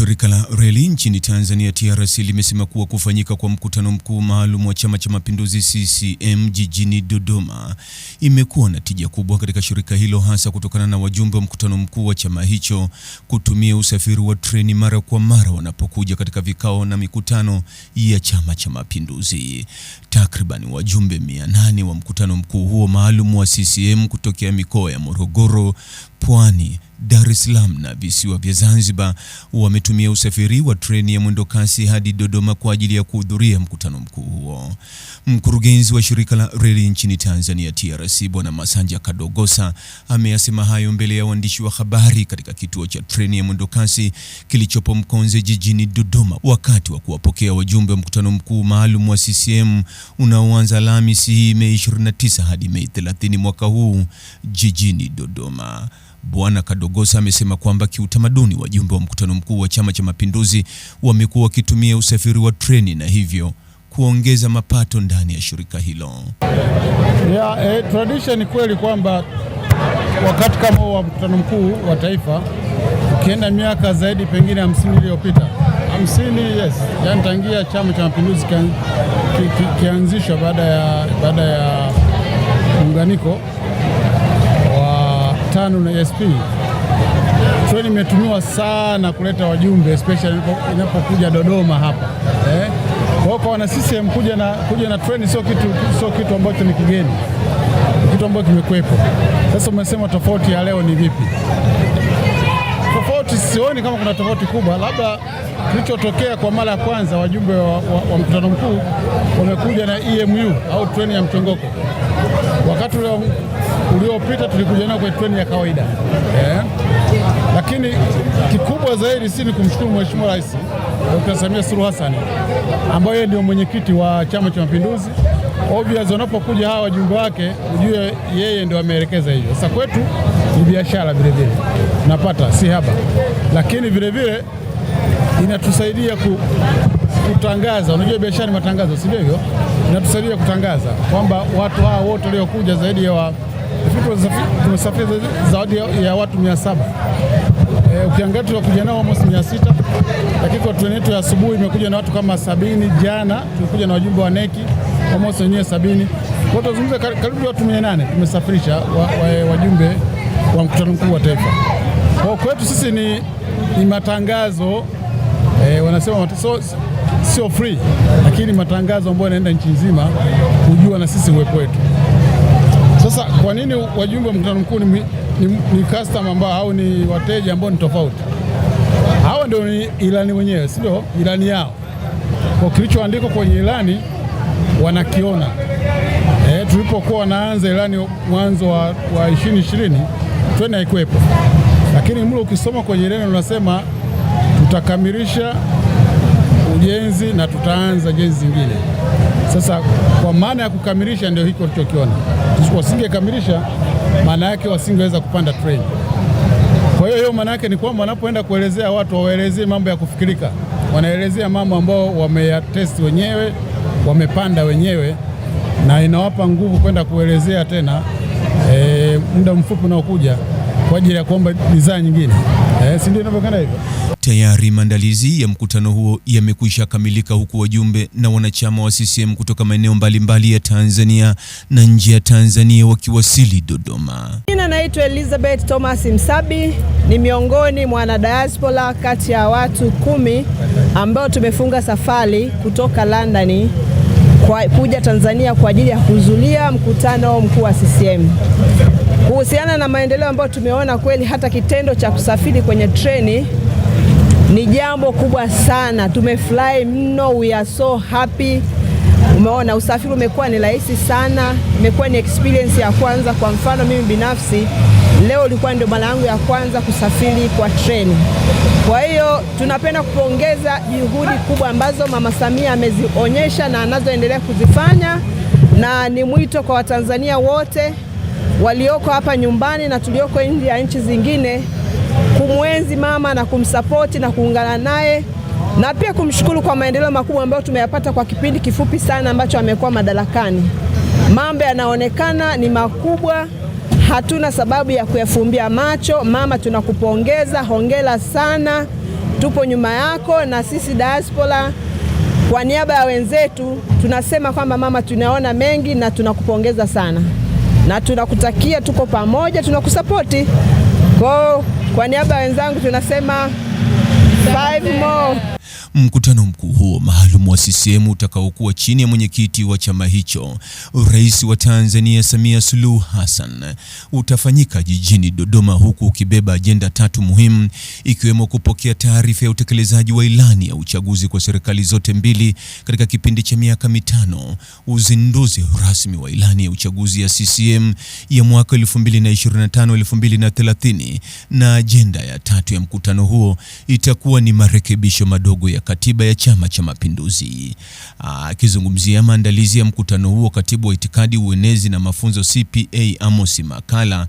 Shirika la Reli nchini Tanzania TRC limesema kuwa kufanyika kwa mkutano mkuu maalum wa Chama cha Mapinduzi CCM jijini Dodoma imekuwa na tija kubwa katika shirika hilo hasa kutokana na wajumbe wa mkutano mkuu wa chama hicho kutumia usafiri wa treni mara kwa mara wanapokuja katika vikao na mikutano ya Chama cha Mapinduzi. Takriban wajumbe 800 wa mkutano mkuu huo maalum wa CCM kutokea mikoa ya Morogoro, Pwani Dar es Salaam na visiwa vya Zanzibar wametumia usafiri wa treni ya mwendokasi hadi Dodoma kwa ajili ya kuhudhuria mkutano mkuu huo. Mkurugenzi wa shirika la reli nchini Tanzania TRC Bwana Masanja Kadogosa ameyasema hayo mbele ya waandishi wa habari katika kituo cha treni ya mwendokasi kilichopo Mkonze jijini Dodoma wakati wa kuwapokea wajumbe wa mkutano mkuu maalum wa CCM unaoanza Alhamisi hii Mei 29 hadi Mei 30 mwaka huu jijini Dodoma. Bwana Kadogosa Lugosa amesema kwamba kiutamaduni wajumbe wa mkutano mkuu wa Chama cha Mapinduzi wamekuwa wakitumia usafiri wa treni na hivyo kuongeza mapato ndani ya shirika hilo. Yeah, eh, tradition ni kweli kwamba wakati kama wa mkutano mkuu wa taifa ukienda miaka zaidi pengine hamsini iliyopita hamsini, yes, yani tangia Chama cha Mapinduzi kianzishwa ki, ki, baada ya baada ya muunganiko wa tano na e sp Treni imetumiwa sana kuleta wajumbe especially inapokuja Dodoma hapa eh? Kwa hiyo kwa wana CCM kuja na, kuja na treni sio kitu, sio kitu ambacho ni kigeni, kitu ambacho kimekwepo Sasa umesema tofauti ya leo ni vipi? Tofauti sioni kama kuna tofauti kubwa, labda kilichotokea kwa mara ya kwanza wajumbe wa, wa, wa mkutano mkuu wamekuja na EMU au treni ya mchongoko. Wakati uliopita tulikuja nao kwa treni ya kawaida eh? lakini kikubwa zaidi si ni kumshukuru Mheshimiwa Rais Dr. Samia Suluhu Hassan ambaye ndio mwenyekiti wa Chama cha Mapinduzi. Obvious, wanapokuja hawa wajumbe wake ujue yeye ndio ameelekeza hivyo. Sasa kwetu ni biashara vilevile napata si haba, lakini vilevile inatusaidia ku, kutangaza. Unajua biashara ni matangazo, si Hivyo Inatusaidia kutangaza kwamba watu hawa wote waliokuja zaidi ya wa tumesafiri zaidi ya watu mia saba. E, ukiangalia tulikuja nao almost mia sita, lakini kwa treni yetu ya asubuhi imekuja na watu kama sabini. Jana tulikuja na wajumbe wa neki almost wenyewe sabini, kwa tunazungumza karibu watu mia nane tumesafirisha wa, wa, eh, wajumbe wa mkutano mkuu wa taifa. Kwa kwetu sisi ni, ni matangazo e, wanasema so, sio free lakini matangazo ambayo yanaenda nchi nzima kujua na sisi uwepo wetu. Sasa kwa nini wajumbe wa mkutano mkuu ni, ni, ni customer ambao au ni wateja ambao ni tofauti? Hawa ndio ni ilani wenyewe, si ndio? Ilani yao kwa kilichoandikwa kwenye ilani wanakiona. E, tulipokuwa wanaanza ilani mwanzo wa ishirini ishirini tweni haikuwepo, lakini mlo ukisoma kwenye ilani unasema tutakamilisha ujenzi na tutaanza jenzi zingine. Sasa kwa maana ya kukamilisha, ndio hiki tulichokiona. Wasingekamilisha maana yake wasingeweza kupanda treni. Kwa hiyo hiyo maana yake ni kwamba wanapoenda kuelezea watu wawaelezee mambo ya kufikirika, wanaelezea mambo ambao wameyatesti wenyewe, wamepanda wenyewe, na inawapa nguvu kwenda kuelezea tena e, muda mfupi unaokuja kwa ajili ya kuomba bidhaa nyingine e, si ndio inavyokana hivyo. Tayari maandalizi ya mkutano huo yamekwisha kamilika huku wajumbe na wanachama wa CCM kutoka maeneo mbalimbali ya Tanzania na nje ya Tanzania wakiwasili Dodoma. Jina naitwa Elizabeth Thomas Msabi, ni miongoni mwa wanadiaspora kati ya watu kumi ambao tumefunga safari kutoka London kwa kuja Tanzania kwa ajili ya kuhudhuria mkutano mkuu wa CCM. Kuhusiana na maendeleo ambayo tumeona kweli, hata kitendo cha kusafiri kwenye treni ni jambo kubwa sana, tumefurahi mno, we are so happy. Umeona, usafiri umekuwa ni rahisi sana, imekuwa ni experience ya kwanza. Kwa mfano mimi binafsi leo ilikuwa ndio mara yangu ya kwanza kusafiri kwa treni. Kwa hiyo tunapenda kupongeza juhudi kubwa ambazo Mama Samia amezionyesha na anazoendelea kuzifanya, na ni mwito kwa Watanzania wote walioko hapa nyumbani na tulioko nje ya nchi zingine kumwenzi mama na kumsapoti na kuungana naye na pia kumshukuru kwa maendeleo makubwa ambayo tumeyapata kwa kipindi kifupi sana ambacho amekuwa madarakani. Mambo yanaonekana ni makubwa, hatuna sababu ya kuyafumbia macho. Mama, tunakupongeza, hongera sana, tupo nyuma yako, na sisi diaspora kwa niaba ya wenzetu tunasema kwamba mama, tunaona mengi na tunakupongeza sana, na tunakutakia, tuko pamoja, tunakusapoti kwao kwa niaba ya wenzangu tunasema five more. Mkutano mkuu huo maalum wa CCM utakaokuwa chini ya mwenyekiti wa chama hicho, Rais wa Tanzania Samia Suluhu Hassan, utafanyika jijini Dodoma, huku ukibeba ajenda tatu muhimu, ikiwemo kupokea taarifa ya utekelezaji wa ilani ya uchaguzi kwa serikali zote mbili katika kipindi cha miaka mitano, uzinduzi rasmi wa ilani ya uchaguzi ya CCM ya mwaka 2025-2030, na ajenda ya tatu ya mkutano huo itakuwa ni marekebisho madogo ya ya katiba ya Chama cha Mapinduzi. Ah, akizungumzia maandalizi ya mkutano huo, katibu wa itikadi, uenezi na mafunzo CPA Amos makala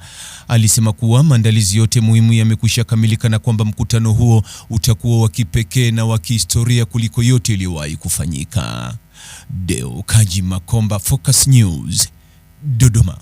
alisema kuwa maandalizi yote muhimu yamekwisha kamilika na kwamba mkutano huo utakuwa wa kipekee na wa kihistoria kuliko yote iliyowahi kufanyika. Deo Kaji Makomba, Focus News, Dodoma.